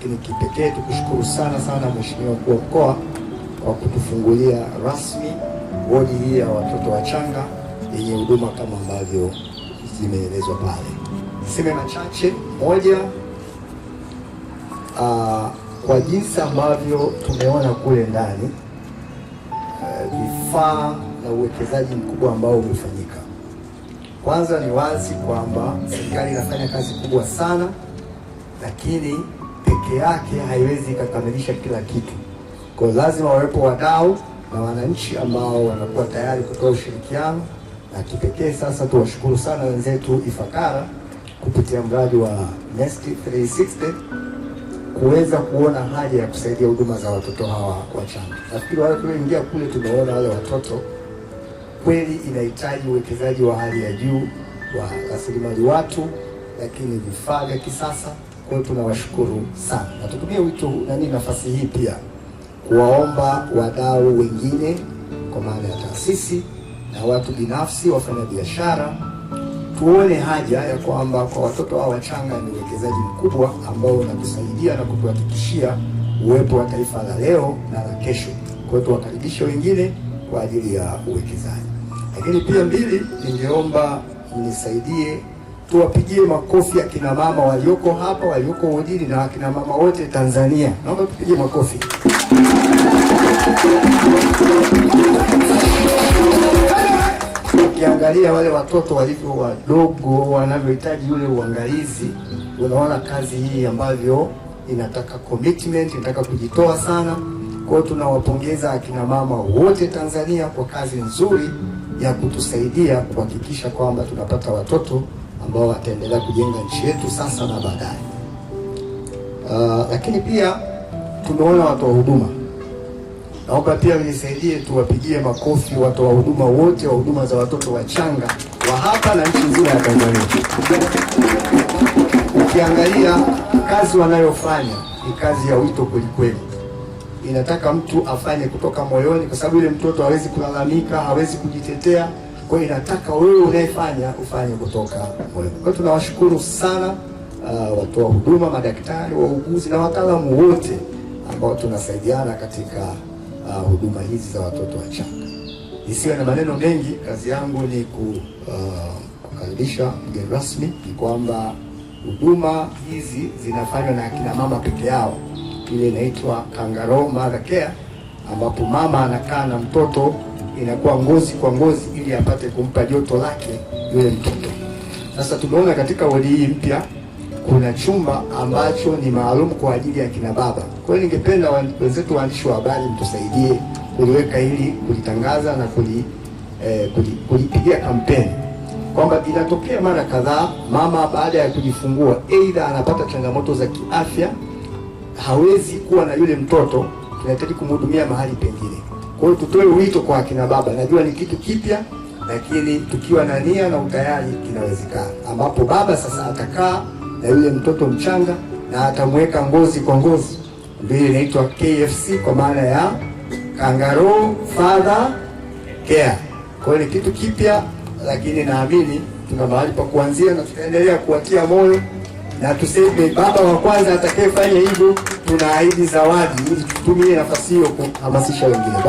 lakini kipekee tukushukuru sana sana Mheshimiwa mkuu wa mkoa kwa kutufungulia rasmi wodi hii ya watoto wachanga yenye huduma kama ambavyo zimeelezwa pale. Niseme machache. Moja, uh, kwa jinsi ambavyo tumeona kule ndani eh, vifaa na uwekezaji mkubwa ambao umefanyika. Kwanza ni wazi kwamba serikali inafanya kazi kubwa sana, lakini peke yake haiwezi ikakamilisha kila kitu. Kwa hiyo lazima wawepo wadau na wananchi ambao wanakuwa tayari kutoa ushirikiano, na kipekee sasa tuwashukuru sana wenzetu Ifakara kupitia mradi wa Nest 360 kuweza kuona haja ya kusaidia huduma za watoto hawa wachanga. Nafikiri wale tulioingia kule tumeona wale watoto kweli inahitaji uwekezaji wa hali ya juu wa rasilimali watu, lakini vifaa vya kisasa kwa hiyo tunawashukuru sana, na tutumie wito nani, nafasi hii pia kuwaomba wadau wengine kwa maana ya taasisi na watu binafsi, wafanya biashara, tuone haja ya kwamba kwa watoto hao wachanga ni uwekezaji mkubwa ambao unatusaidia na kutuhakikishia uwepo wa taifa la leo na la kesho. Kwa hiyo tuwakaribishe wengine kwa ajili ya uwekezaji, lakini pia mbili, ningeomba mnisaidie tuwapigie makofi akina mama walioko hapa, walioko Wodini na akina mama wote Tanzania, naomba tupige makofi. Ukiangalia wale watoto walivyo wadogo, wanavyohitaji yule uangalizi, unaona kazi hii ambavyo inataka commitment, inataka kujitoa sana. Kwa hiyo tunawapongeza akina mama wote Tanzania kwa kazi nzuri ya kutusaidia kuhakikisha kwamba tunapata watoto ambao wataendelea kujenga nchi yetu sasa na baadaye. Uh, lakini pia tumeona watu wa huduma, naomba pia mnisaidie tuwapigie makofi watu wa huduma wote wa huduma za watoto wachanga wa hapa na nchi nzima ya Tanzania. Ukiangalia kazi wanayofanya ni kazi ya wito kwelikweli, inataka mtu afanye kutoka moyoni, kwa sababu yule mtoto hawezi kulalamika, hawezi kujitetea kwa hiyo inataka wewe unayefanya ufanye kutoka moyoni. Kwa hiyo tunawashukuru sana uh, watoa huduma, madaktari, wauguzi na wataalamu wote ambao tunasaidiana katika uh, huduma hizi za watoto wachanga. Isiwe na maneno mengi, kazi yangu ni ku uh, kukaribisha mgeni rasmi, ni kwamba huduma hizi zinafanywa na akina mama peke yao, ile inaitwa Kangaroo Mother Care, ambapo mama anakaa na mtoto, inakuwa ngozi kwa ngozi ili apate kumpa joto lake yule mtoto. Sasa tumeona katika wodi hii mpya kuna chumba ambacho ni maalum kwa ajili ya kina baba. Kwa hiyo ningependa wenzetu waandishi wa habari mtusaidie kuliweka hili, kulitangaza na kuli, eh, kulipigia kampeni kwamba inatokea mara kadhaa mama baada ya kujifungua aidha anapata changamoto za kiafya, hawezi kuwa na yule mtoto, tunahitaji kumhudumia mahali pengine. Kwa hiyo tutoe wito kwa akina baba, najua ni kitu kipya lakini tukiwa na nia na utayari kinawezekana, ambapo baba sasa atakaa na yule mtoto mchanga na atamweka ngozi kwa ngozi. Mbili inaitwa KFC kwa maana ya kangaroo father care. Kwa ni kitu kipya, lakini naamini tuna mahali pa kuanzia na tutaendelea kuwatia moyo na tuseme baba wa kwanza atakayefanya hivyo tunaahidi zawadi, ili tutumie nafasi hiyo kuhamasisha wengine.